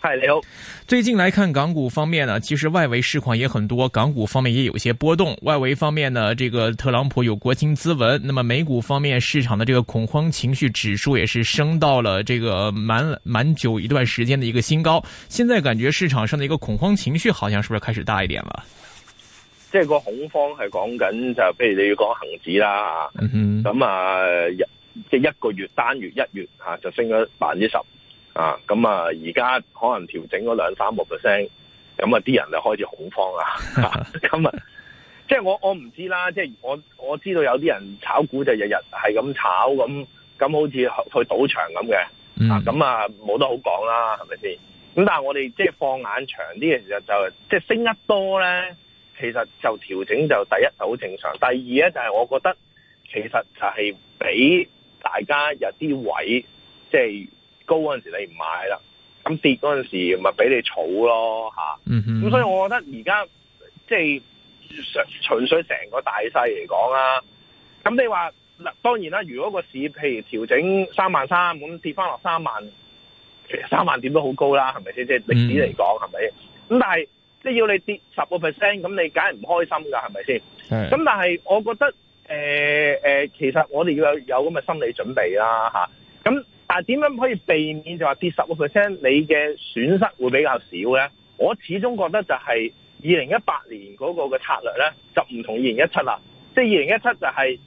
嗨，你好。最近來看港股方面呢，其實外圍市況也很多，港股方面也有一些波動。外圍方面呢，這個特朗普有國情咨文，那麼美股方面市場的這個恐慌情緒指數也是升到了這個蠻蠻久一段時間的一個新高。現在感覺市場上的一個恐慌情緒好像是不是開始大一點了？即係個恐慌係講緊就譬如你要講恒指啦，咁、嗯、啊，即係一個月單月一月吓就升咗百分之十。啊，咁啊，而家可能調整嗰兩三個 percent，咁啊啲人就開始恐慌啊，咁啊， 即係我我唔知啦，即係我我知道有啲人炒股就日日係咁炒，咁咁好似去賭場咁嘅，啊，咁啊冇得好講啦，係咪先？咁但係我哋即係放眼長啲嘅時候就，就即係升得多咧，其實就調整就第一就好正常，第二咧就係、是、我覺得其實就係俾大家有啲位即係。就是高嗰陣時你唔買啦，咁跌嗰陣時咪俾你儲咯嚇。咁、嗯、所以我覺得而家即係純粹成個大勢嚟講啦。咁你話嗱當然啦，如果個市譬如調整三萬三咁跌翻落三萬，其實三萬點都好高啦，係咪先？即係歷史嚟講係咪？咁、嗯、但係你要你跌十個 percent，咁你梗係唔開心噶，係咪先？咁但係我覺得誒誒、呃呃，其實我哋要有有咁嘅心理準備啦嚇。啊但係點樣可以避免就話、是、跌十個 percent？你嘅損失會比較少咧。我始終覺得就係二零一八年嗰個嘅策略咧，就唔同二零一七啦。即係二零一七就係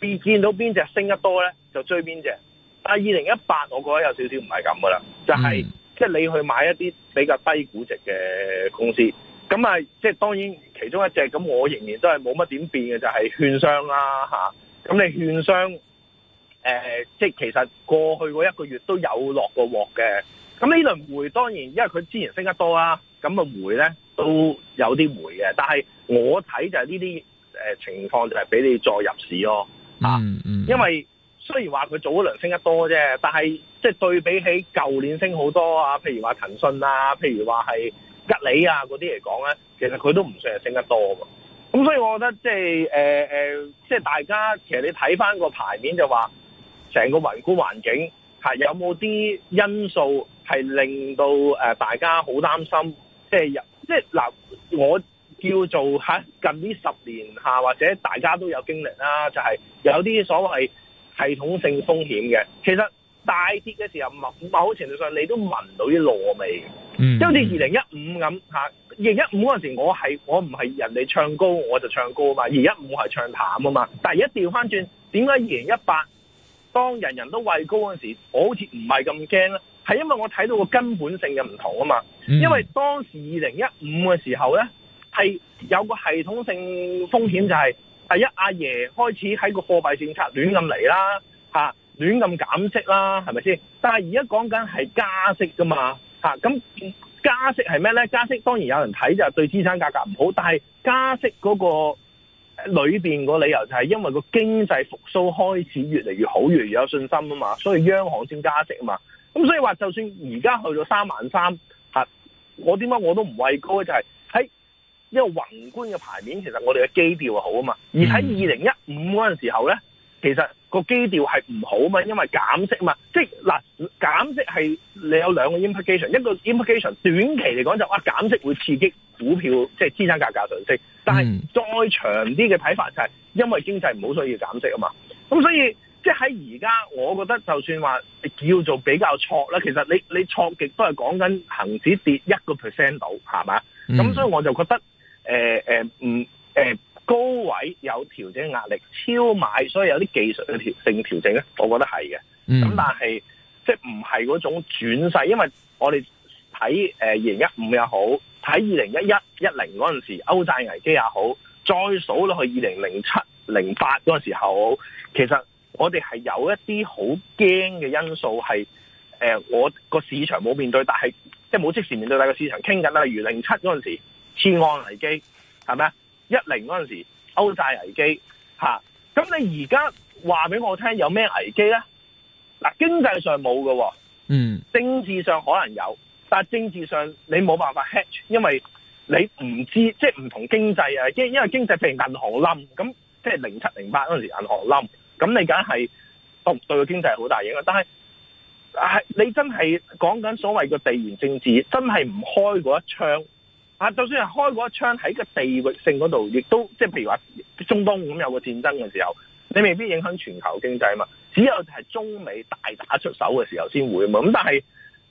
變，見到邊隻升得多咧，就追邊隻。但係二零一八，我覺得有少少唔係咁噶啦，就係即係你去買一啲比較低估值嘅公司。咁、嗯、啊，即係當然其中一隻咁，那我仍然都係冇乜點變嘅，就係、是、券商啦嚇。咁你券商？誒、呃，即係其實過去嗰一個月都有落過鑊嘅，咁呢輪回當然，因為佢之前升得多啊，咁啊回咧都有啲回嘅。但係我睇就係呢啲誒情況就係俾你再入市咯，嗯嗯、因為雖然話佢早一輪升得多啫，但係即係對比起舊年升好多啊，譬如話騰訊啊，譬如話係吉利啊嗰啲嚟講咧，其實佢都唔算係升得多噶咁所以我覺得即係誒誒，即係大家其實你睇翻個牌面就話。成個宏觀環境係有冇啲因素係令到誒、呃、大家好擔心？呃、即係即係嗱，我叫做吓、啊、近呢十年吓，或者大家都有經歷啦，就係、是、有啲所謂系統性風險嘅。其實大跌嘅時候，某某程度上你都聞到啲燶味。即好似二零一五咁吓，二零一五嗰陣時我係我唔係人哋唱高我就唱高啊嘛，二零一五係唱淡啊嘛。但係一調翻轉，點解二零一八？當人人都畏高嗰時，我好似唔係咁驚啦，係因為我睇到個根本性嘅唔同啊嘛。因為當時二零一五嘅時候咧，係有個系統性風險就係、是、第一阿爺開始喺個貨幣政策亂咁嚟啦，吓亂咁減息啦，係咪先？但係而家講緊係加息噶嘛，吓、啊、咁加息係咩咧？加息當然有人睇就係對資產價格唔好，但係加息嗰、那個。裏邊個理由就係因為個經濟復蘇開始越嚟越好，越嚟越有信心啊嘛，所以央行先加息啊嘛。咁所以話就算而家去到三萬三，吓，我點解我都唔畏高？就係喺一個宏觀嘅牌面，其實我哋嘅基調係好啊嘛。嗯、而喺二零一五嗰陣時候咧，其實。個基調係唔好嘛，因為減息嘛，即係嗱，減息係你有兩個 implication，一個 implication 短期嚟講就哇減息會刺激股票，即係資產價格上升，但係再長啲嘅睇法就係因為經濟唔好，所以要減息啊嘛，咁所以即係喺而家，我覺得就算話叫做比較錯啦，其實你你錯極都係講緊恒指跌一個 percent 到，係嘛，咁、嗯、所以我就覺得誒誒，誒、呃。呃呃呃高位有調整壓力，超買所以有啲技術嘅調性調整咧，我覺得係嘅。咁、嗯、但係即係唔係嗰種轉勢，因為我哋睇誒二零一五又好，睇二零一一一零嗰陣時歐債危機也好，再數落去二零零七零八嗰陣時候，其實我哋係有一啲好驚嘅因素係誒、呃，我個市場冇面對，但係即係冇即時面對，但係個市場傾緊啦，例如零七嗰陣時次按危機係咪啊？是一零嗰陣時，歐債危機嚇，咁你而家話俾我聽有咩危機咧？嗱，經濟上冇嘅，嗯，政治上可能有，但係政治上你冇辦法 hedge，因為你唔知，即係唔同經濟啊，因因為經濟譬如銀行冧，咁即係零七零八嗰陣時銀行冧，咁你梗係對對個經濟好大影響。但係係你真係講緊所謂個地緣政治，真係唔開嗰一槍。啊，就算係開嗰一槍喺個地域性嗰度，亦都即係譬如話中東咁有個戰爭嘅時候，你未必影響全球經濟啊嘛。只有係中美大打出手嘅時候先會啊嘛。咁但係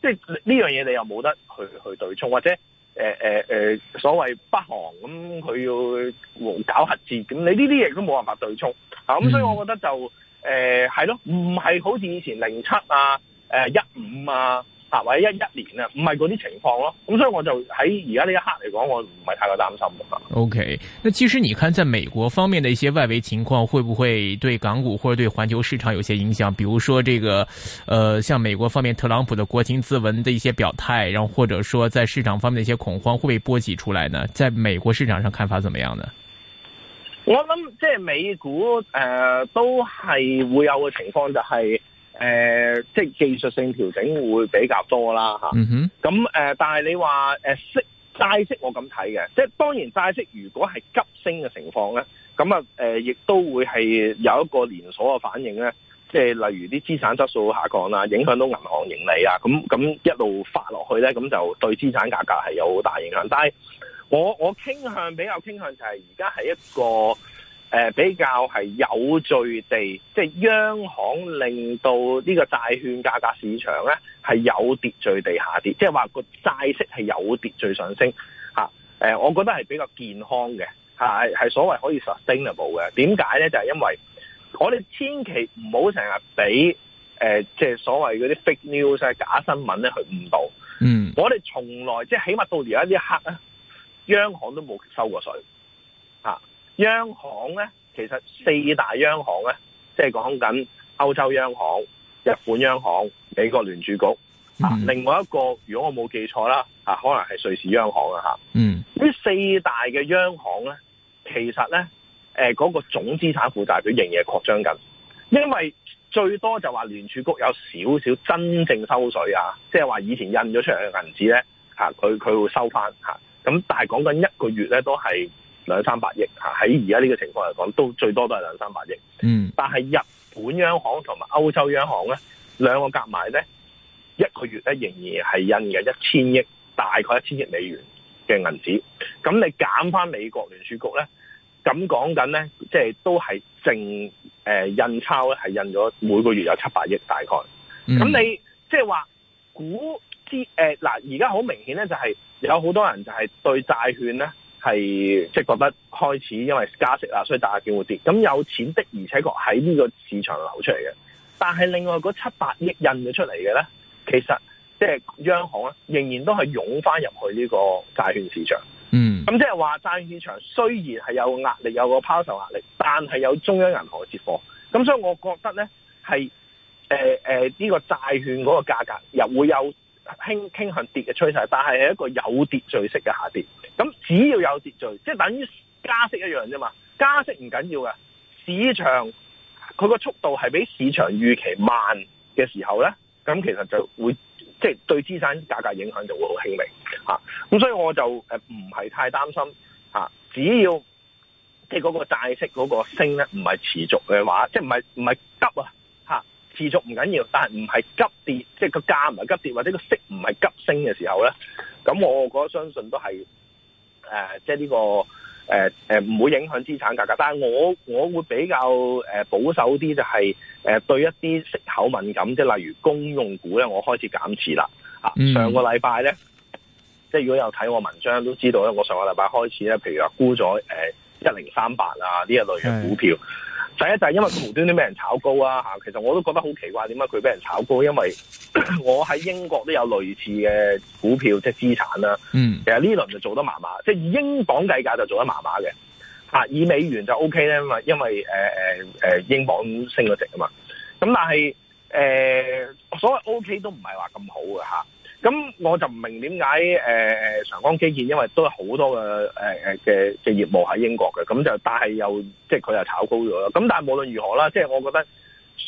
即係呢樣嘢你又冇得去去對沖，或者誒誒誒所謂北韓咁佢要搞核戰咁，你呢啲嘢都冇辦法對沖啊。咁、嗯、所以，我覺得就誒係咯，唔、呃、係好似以前零七啊、誒一五啊。啊，或者一一年啊，唔係嗰啲情況咯，咁、嗯、所以我就喺而家呢一刻嚟講，我唔係太過擔心嘅。OK，那其實你看，在美國方面的一些外圍情況，會不會對港股或者對環球市場有些影響？比如說，這個，呃，像美國方面特朗普的國情咨文的一些表態，然後或者說在市場方面的一些恐慌會被會波及出來呢？在美國市場上看法怎麼樣呢？我諗即係美股誒、呃，都係會有個情況就係、是。誒、呃，即係技術性調整會比較多啦，吓、嗯。咁、啊、誒，但係你話誒、啊、息債息，我咁睇嘅，即係當然債息如果係急升嘅情況咧，咁啊誒，亦、呃、都會係有一個連鎖嘅反應咧，即係例如啲資產質素下降啦，影響到銀行盈利啊，咁咁一路發落去咧，咁就對資產價格係有好大影響。但係我我傾向比較傾向就係而家係一個。誒、呃，比較係有序地，即係央行令到呢個債券價格市場咧係有秩序地下跌，即係話個債息係有秩序上升吓。誒、啊呃，我覺得係比較健康嘅，係、啊、係所謂可以 sustainable 嘅。點解咧？就係、是、因為我哋千祈唔好成日俾誒，即係所謂嗰啲 fake news 啊假新聞咧去誤導。嗯，我哋從來即係起碼到而家呢一刻啊，央行都冇收過水，吓、啊。央行咧，其實四大央行咧，即係講緊歐洲央行、日本央行、美國聯儲局啊，另外一個如果我冇記錯啦、啊，可能係瑞士央行啊，吓，嗯，呢四大嘅央行咧，其實咧，誒、呃，嗰、嗰個總資產負債表仍然係擴張緊，因為最多就話聯儲局有少少真正收水啊，即係話以前印咗出嚟嘅銀紙咧，吓、啊，佢佢會收翻吓，咁、啊、但係講緊一個月咧都係。兩三百億吓，喺而家呢個情況嚟講，都最多都係兩三百億。嗯，但係日本央行同埋歐洲央行咧，兩個夾埋咧，一個月咧仍然係印嘅一千億，大概一千億美元嘅銀紙。咁你減翻美國聯儲局咧，咁講緊咧，即係都係淨誒，印鈔咧，係印咗每個月有七百億大概。咁、嗯、你即係話估資，誒嗱，而家好明顯咧，就係、是、有好多人就係對債券咧。係即係覺得開始，因為加息啦，所以大家見會跌。咁有錢的而且確喺呢個市場流出嚟嘅，但係另外嗰七八億印咗出嚟嘅咧，其實即係、就是、央行仍然都係湧翻入去呢個債券市場。嗯，咁即係話債券市場雖然係有壓力，有個拋售壓力，但係有中央銀行嘅接貨。咁所以我覺得咧，係誒誒呢個債券嗰個價格又會有，傾傾向跌嘅趨勢，但係係一個有秩序式嘅下跌。咁只要有秩序，即係等於加息一樣啫嘛。加息唔緊要嘅，市場佢個速度係比市場預期慢嘅時候咧，咁其實就會即係對資產價格影響就會好輕微吓。咁所以我就誒唔係太擔心吓，只要即係嗰個債息嗰個升咧，唔係持續嘅話，即係唔係唔係急啊。持續唔緊要，但係唔係急跌，即係個價唔係急跌，或者個息唔係急升嘅時候咧，咁我覺得相信都係誒、呃，即係呢、這個誒誒唔會影響資產價格、格。但係我我會比較誒、呃、保守啲、就是，就係誒對一啲息口敏感，即係例如公用股咧，我開始減持啦。吓、嗯，上個禮拜咧，即係如果有睇我文章都知道咧，我上個禮拜開始咧，譬如話沽咗誒一零三八啊呢一類嘅股票。第一就係、是、因為佢無端端俾人炒高啊！嚇，其實我都覺得好奇怪，點解佢俾人炒高，因為我喺英國都有類似嘅股票即係資產啦。嗯，其實呢輪就做得麻麻，即係以英鎊計價就做得麻麻嘅。嚇，以美元就 OK 咧，嘛，因為誒誒誒英鎊升咗值啊嘛。咁但係誒、呃、所謂 OK 都唔係話咁好嘅嚇。咁我就唔明點解誒長江基建，因為都有好多嘅嘅嘅業務喺英國嘅，咁就但係又即係佢又炒高咗啦。咁但係無論如何啦，即係我覺得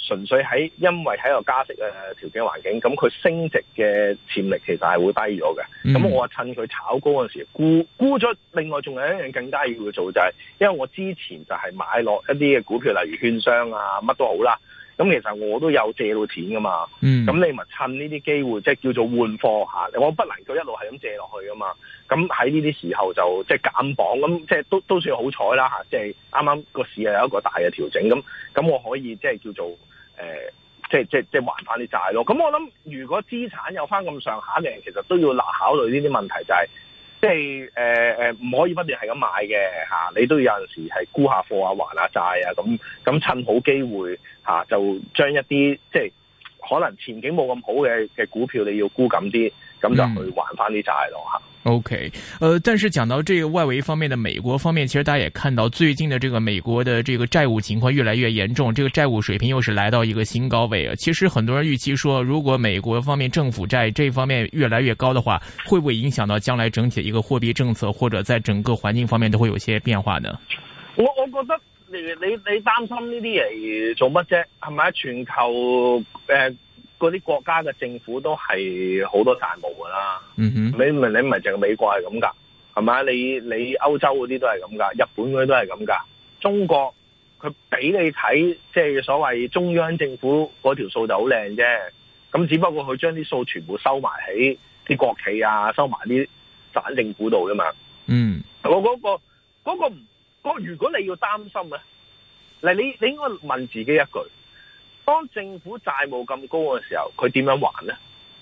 純粹喺因為喺個加息嘅條件環境，咁佢升值嘅潛力其實係會低咗嘅。咁、嗯、我趁佢炒高嗰時沽沽咗。另外仲有一樣更加要去做就係，因為我之前就係買落一啲嘅股票，例如券商啊，乜都好啦。咁其實我都有借到錢噶嘛，嗯，咁你咪趁呢啲機會，即係叫做換貨吓。我不能夠一路係咁借落去噶嘛，咁喺呢啲時候就即係減磅，咁即係都都算好彩啦吓。即係啱啱個市係有一個大嘅調整，咁咁我可以即係叫做誒，即係即係即係還翻啲債咯。咁我諗，如果資產有翻咁上下嘅，其實都要考慮呢啲問題就係。即係誒誒，唔、呃呃、可以不斷係咁買嘅吓。啊，你都要有陣時係沽下貨啊，還下債啊，咁咁趁好機會吓，就將一啲即係可能前景冇咁好嘅嘅股票，你要沽緊啲，咁就去還翻啲債咯吓。啊。OK，呃，但是講到這個外圍方面的美國方面，其實大家也看到最近的這個美國的這個債務情況越來越嚴重，這個債務水平又是來到一個新高位啊。其實很多人預期說，如果美國方面政府債這方面越來越高的話，會不會影響到將來整體的一個貨幣政策或者在整個環境方面都會有些變化呢？我我覺得你你你擔心呢啲嘢做乜啫？係咪啊？全球誒。呃嗰啲國家嘅政府都係好多債務噶啦，mm -hmm. 你唔係你唔係淨係美國係咁噶，係咪你你歐洲嗰啲都係咁噶，日本嗰啲都係咁噶，中國佢俾你睇即係所謂中央政府嗰條數就好靚啫，咁只不過佢將啲數全部收埋喺啲國企啊，收埋啲省政府度噶嘛。嗯、mm -hmm. 嗰個，我、那、嗰個嗰、嗰個、嗰個、如果你要擔心咧，嗱你你應該問自己一句。當政府債務咁高嘅時候，佢點樣還呢？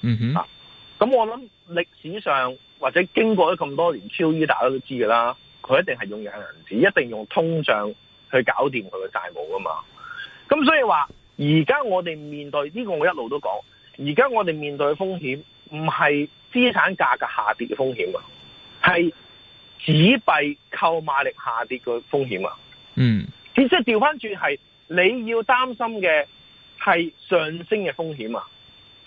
嗯哼，咁、啊、我諗歷史上或者經過咗咁多年，QE 大家都知噶啦，佢一定係用印銀紙，一定用通脹去搞掂佢嘅債務㗎嘛。咁所以話，而家我哋面對呢、這個，我一路都講，而家我哋面對嘅風險唔係資產價格下跌嘅風險啊，係紙幣購買力下跌嘅風險啊。嗯，其實調翻轉係你要擔心嘅。係上升嘅風險啊，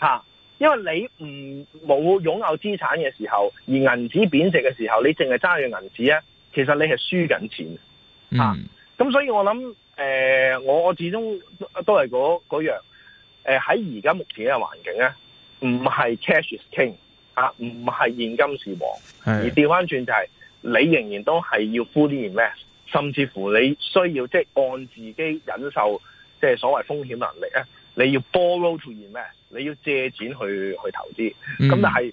啊！因為你唔冇擁有資產嘅時候，而銀紙貶值嘅時候，你淨係揸住銀紙啊，其實你係輸緊錢咁、啊啊嗯、所以我諗、呃，我我始終都係嗰嗰樣，喺而家目前嘅環境咧，唔係 cash is king 啊，唔係現金是王，是而掉返轉就係、是、你仍然都係要 full invest，甚至乎你需要即係按自己忍受。即、就、係、是、所謂風險能力咧，你要 borrow to 咩你要借錢去去投資。咁、嗯、但係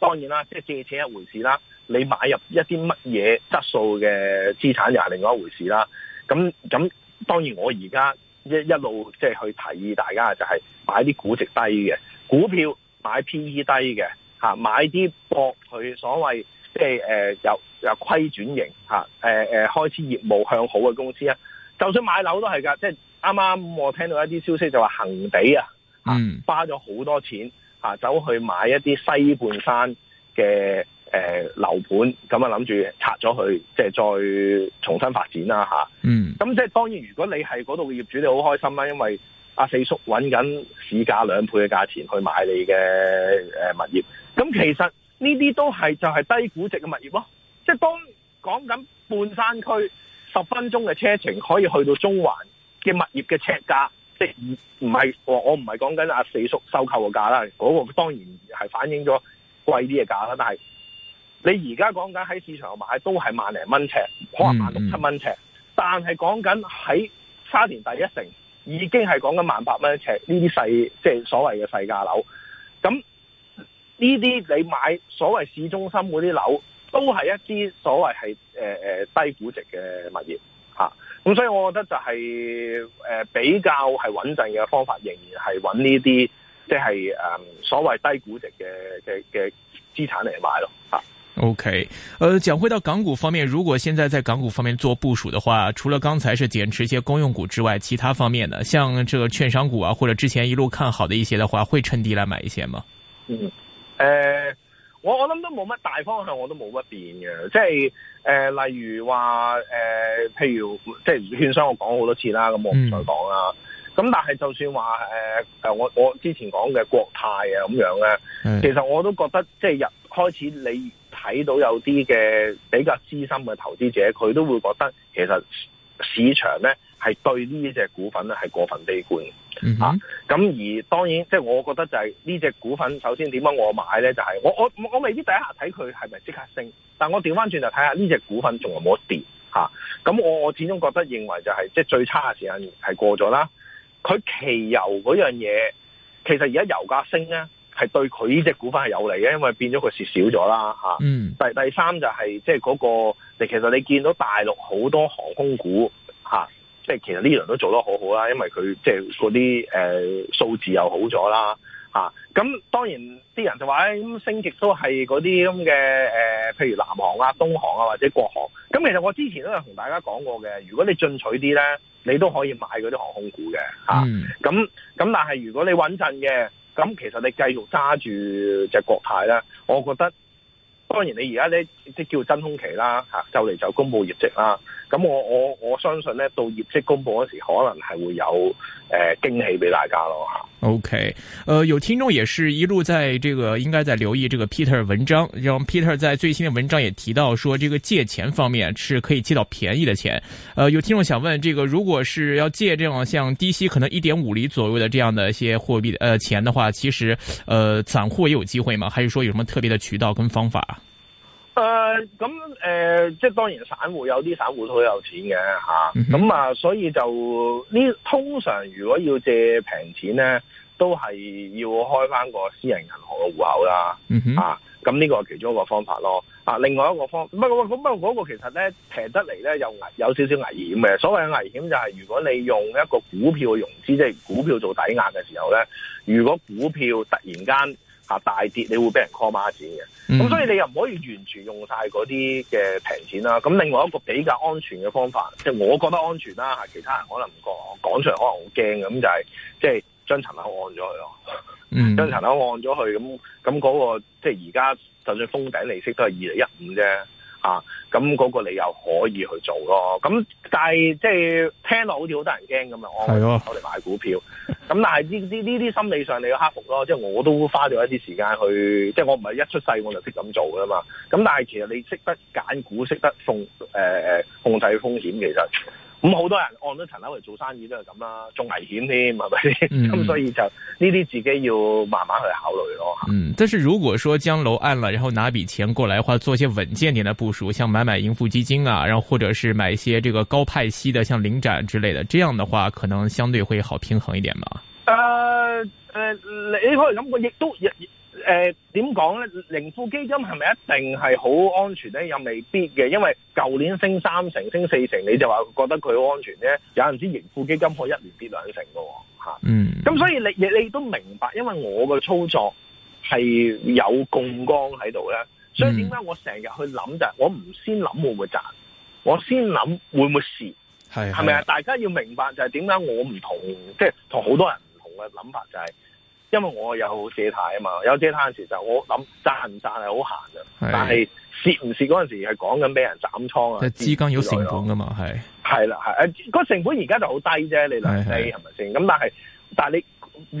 當然啦，即係借錢一回事啦。你買入一啲乜嘢質素嘅資產又係另外一回事啦。咁咁當然我而家一一路即係去提議大家就係、是、買啲估值低嘅股票買 PE 低，買 P E 低嘅買啲博佢所謂即係誒由由虧轉型，呃、開始業務向好嘅公司啊。就算買樓都係㗎，即、就是啱啱我聽到一啲消息就話恆地啊，花咗好多錢啊，走去買一啲西半山嘅誒樓盤，咁啊諗住拆咗佢，即係再重新發展啦嚇。咁、啊嗯、即係當然，如果你係嗰度嘅業主，你好開心啦、啊，因為阿、啊、四叔揾緊市價兩倍嘅價錢去買你嘅誒、呃、物業。咁其實呢啲都係就係低估值嘅物業咯、啊。即係當講緊半山區，十分鐘嘅車程可以去到中環。嘅物業嘅尺價，即係唔係我我唔係講緊阿四叔收購嘅價啦，嗰個當然係反映咗貴啲嘅價啦。但係你而家講緊喺市場買都係萬零蚊尺，可能萬六七蚊尺，但係講緊喺沙田第一城已經係講緊萬八蚊尺呢啲細，即係所謂嘅細價樓。咁呢啲你買所謂市中心嗰啲樓，都係一啲所謂係誒誒低估值嘅物業嚇。啊。咁、嗯、所以我覺得就係、是、誒、呃、比較係穩陣嘅方法，仍然係揾呢啲即係誒所謂低估值嘅嘅嘅資產嚟買咯。吓，OK，誒、呃，講回到港股方面，如果現在在港股方面做部署的話，除了剛才是減持一些公用股之外，其他方面呢，像這個券商股啊，或者之前一路看好的一些的話，會趁低來買一些嗎？嗯，誒、呃。我我諗都冇乜大方向，我都冇乜變嘅，即係、呃、例如話、呃、譬如即係券商我講好多次啦，咁我唔再講啦。咁、嗯、但係就算話、呃、我我之前講嘅國泰啊咁樣咧，其實我都覺得即係一開始你睇到有啲嘅比較資深嘅投資者，佢都會覺得其實市場咧。.係對呢隻股份咧係過分悲觀，吓、mm、咁 -hmm. 啊、而當然，即、就、係、是、我覺得就係呢隻股份，首先點解我買呢？就係、是、我我我未必第一,一下睇佢係咪即刻升，但我調翻轉就睇下呢隻股份仲有冇跌吓。咁、啊、我我始終覺得認為就係即係最差嘅時間係過咗啦。佢期油嗰樣嘢，其實而家油價升呢，係對佢呢隻股份係有利嘅，因為變咗佢蝕少咗啦吓。啊 mm -hmm. 第第三就係即係嗰個，其實你見到大陸好多航空股吓。啊即係其實呢輪都做得好好啦，因為佢即係嗰啲誒數字又好咗啦，咁、啊、當然啲人就話咁、啊、升極都係嗰啲咁嘅誒，譬如南航啊、東航啊或者國航，咁其實我之前都有同大家講過嘅，如果你進取啲咧，你都可以買嗰啲航空股嘅吓，咁咁但係如果你穩陣嘅，咁其實你繼續揸住隻國泰咧，我覺得。當然，你而家咧即叫真空期啦嚇，就嚟就公布業績啦。咁我我我相信咧，到業績公佈嗰時候，可能係會有誒驚、呃、喜俾大家咯嚇。OK，呃，有聽眾也是一路在這個應該在留意這個 Peter 文章，Peter 在最新的文章也提到說，這個借錢方面是可以借到便宜的錢。呃，有聽眾想問，這個如果是要借這種像低息可能一點五厘左右的這樣的一些貨幣呃錢的話，其實呃，散戶也有機會嗎？還是說有什麼特別的渠道跟方法？誒、呃，咁誒、呃，即係當然散戶有啲散戶都好有錢嘅，吓，咁啊、嗯，所以就呢通常，如果要借平錢咧，都係要開翻個私人銀行嘅戶口啦，咁、嗯、呢、啊、個係其中一個方法咯。啊，另外一個方，不過咁啊，嗰、那個其實咧平得嚟咧有危有少少危險嘅。所謂嘅危險就係如果你用一個股票嘅融資，即、就、係、是、股票做抵押嘅時候咧，如果股票突然間，嚇大跌，你會俾人 call 孖錢嘅，咁、嗯、所以你又唔可以完全用晒嗰啲嘅平錢啦。咁另外一個比較安全嘅方法，即、就、係、是、我覺得安全啦，嚇其他人可能唔覺，講出嚟可能好驚嘅，咁就係即係將層樓按咗去咯、嗯，將層樓按咗去，咁咁嗰個即係而家就算封頂利息都係二零一五啫。啊，咁嗰個你又可以去做咯，咁但係即係聽落好似好得人驚咁啊！我我哋買股票，咁但係呢呢啲心理上你要克服咯，即係我都花咗一啲時間去，即係我唔係一出世我就識咁做㗎嘛，咁但係其實你識得揀股，識得控制風險，其實。咁、嗯、好、嗯、多人按咗層樓嚟做生意都係咁啦，仲危險添，係咪？咁、嗯、 所以就呢啲自己要慢慢去考慮咯。嗯，但是如果說將樓按了，然後拿筆錢過來的話，話做些穩一些穩健點的部署，像買買盈富基金啊，然後或者是買一些這個高派息的，像領展之類的，這樣的話可能相對會好平衡一點吧。誒、呃、誒、呃，你可以諗過，亦都誒、呃，點講咧？盈富基金係咪一定係好安全咧？又未必嘅，因為舊年升三成、升四成，你就話覺得佢安全咧？有陣時盈富基金可以一年跌兩成噶吓。嗯。咁所以你你你都明白，因為我嘅操作係有槓桿喺度咧，所以點解我成日去諗就係、是，我唔先諗會唔會賺，我先諗會唔會蝕。係。係咪啊？大家要明白就係點解我唔同，即係同好多人唔同嘅諗法就係、是。因為我有借貸啊嘛，有借貸時就我諗賺唔賺係好閒啊，但係蝕唔蝕嗰陣時係講緊俾人斬倉啊，資金有成本噶嘛，係係啦，係誒個成本而家就好低啫，你諗低係咪先？咁但係但係你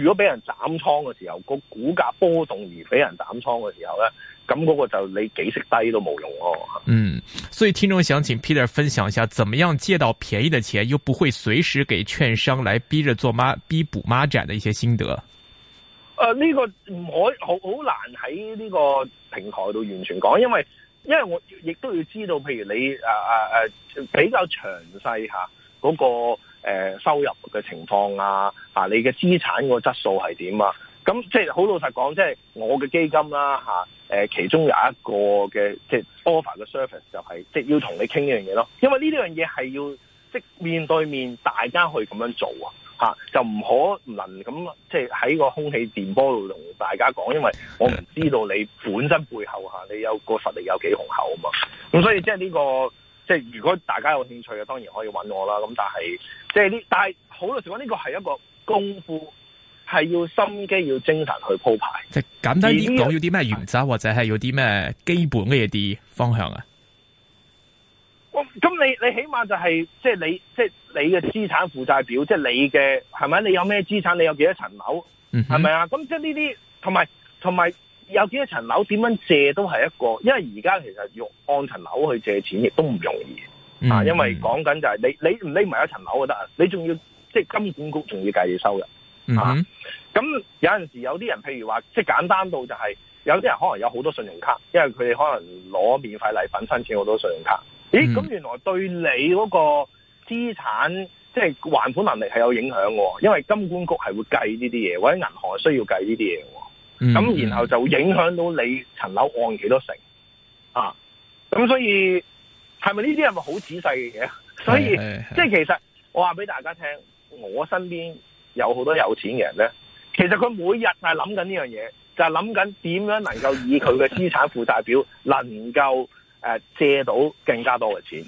如果俾人斬倉嘅時候，個股價波動而俾人斬倉嘅時候咧，咁嗰個就你幾息低都冇用咯，啊。嗯，所以聽眾想請 Peter 分享一下，怎麼樣借到便宜嘅錢，又不會隨時俾券商嚟逼着做孖逼補孖展嘅一些心得。誒、呃、呢、這個唔可以好好難喺呢個平台度完全講，因為因為我亦都要知道，譬如你誒誒誒比較詳細吓嗰個誒、呃、收入嘅情況啊，吓你嘅資產個質素係點啊，咁、啊嗯、即係好老實講，即係我嘅基金啦、啊、吓，誒、啊呃、其中有一個嘅即係 offer 嘅 service 就係、是、即係要同你傾呢樣嘢咯，因為呢啲樣嘢係要即面對面大家去咁樣做啊。吓，就唔可能咁即係喺個空氣電波度同大家講，因為我唔知道你本身背後吓，你有個實力有幾雄厚啊嘛，咁所以即係呢個即係如果大家有興趣嘅，當然可以搵我啦。咁但係即係呢，但係好多時候呢個係一個功夫，係要心機、要精神去鋪排。即係簡單啲講，要啲咩原則或者係要啲咩基本嘅啲方向啊？咁你你起碼就係、是、即係你即係你嘅資產負債表，即係你嘅係咪？你有咩資產？你有幾多層樓？係咪啊？咁即係呢啲，同埋同埋有幾多層樓？點樣借都係一個，因為而家其實用按層樓去借錢亦都唔容易、mm -hmm. 啊！因為講緊就係你你唔匿埋一層樓就得啊，你仲要即係金管局仲要計你收入咁、mm -hmm. 啊、有陣時有啲人，譬如話即係簡單到就係、是、有啲人可能有好多信用卡，因為佢哋可能攞免費禮品申請好多信用卡。咦，咁原來對你嗰個資產即係、就是、還款能力係有影響喎，因為金管局係會計呢啲嘢，或者銀行需要計呢啲嘢，咁、嗯、然後就影響到你層樓按幾多成、嗯、啊？咁所以係咪呢啲係咪好仔細嘅嘢？所以即係其實我話俾大家聽，我身邊有好多有錢嘅人咧，其實佢每日係係諗緊呢樣嘢，就係諗緊點樣能夠以佢嘅資產負債表能夠。 誒、啊，借到更加多嘅錢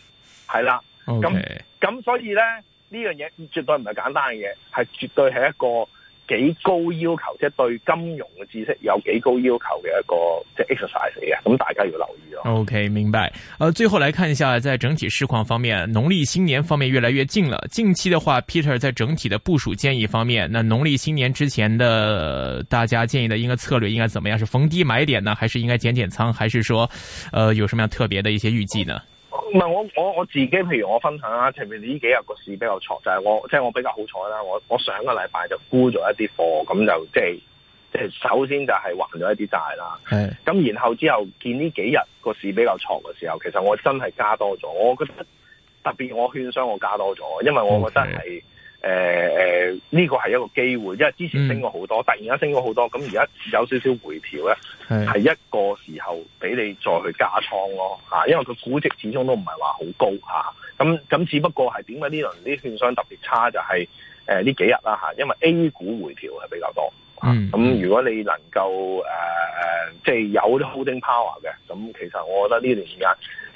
係啦，咁咁、okay。嗯嗯嗯、所以咧呢樣嘢絕對唔係簡單嘅嘢，係絕對係一個，幾高要求，即係對金融嘅知識有幾高要求嘅一個即 exercise 嚟嘅，咁大家要留意咯。OK，明白。呃，最後來看一下，在整體市況方面，農曆新年方面越來越近了。近期的話，Peter 在整體的部署建議方面，那農曆新年之前的大家建議的應該策略應該怎麼樣？是逢低買點呢，還是應該減減倉，還是說，呃有什麼樣特別的一些預計呢？唔係我我我自己，譬如我分享啦，前面呢幾日個市比較錯，就係、是、我即係、就是、我比較好彩啦。我我上個禮拜就沽咗一啲貨，咁就即係即係首先就係還咗一啲債啦。係咁，然後之後見呢幾日個市比較錯嘅時候，其實我真係加多咗。我覺得特別，我券商我加多咗，因為我覺得係。Okay. 誒、呃、誒，呢、這個係一個機會，因為之前升過好多，嗯，突然間升過好多，咁而家有少少回調咧，係一個時候俾你再去加倉咯，吓，因為佢估值始終都唔係話好高吓，咁、啊、咁只不過係點解呢輪啲券商特別差就係誒呢幾日啦吓，因為 A 股回調係比較多，咁、嗯啊、如果你能夠誒誒，即、呃、係、就是、有啲 holding power 嘅，咁其實我覺得這呢段時間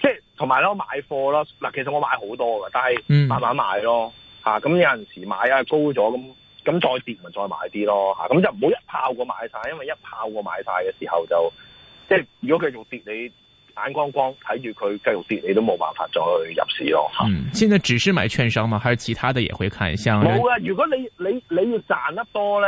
即係同埋咯買貨咯，嗱其實我買好多㗎，但係慢慢買咯。嗯吓，咁有陣時買啊高咗，咁咁再跌咪再買啲咯吓，咁就唔好一炮過買晒，因為一炮過買晒嘅時候就即係，如果繼續跌，你眼光光睇住佢繼續跌，你都冇辦法再入市咯吓。現在只是買券商嗎？還是其他的也會看？冇、嗯、噶、啊，如果你你你要賺得多呢。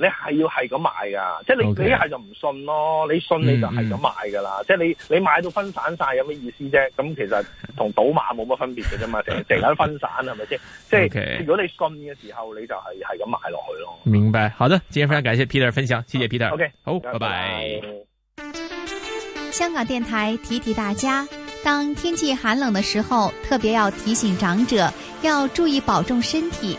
你係要係咁買噶，即係你、okay. 你一係就唔信咯，你信你就係咁買噶啦、嗯嗯，即係你你買到分散晒有咩意思啫？咁其實同賭馬冇乜分別噶啫嘛，成成日都分散係咪先？即係、okay. 如果你信嘅時候，你就係係咁買落去咯。明白，好的，今天非常感謝 Peter 分享，謝謝 Peter。OK，好，拜拜。香港電台提提大家，當天氣寒冷嘅時候，特別要提醒長者要注意保重身體。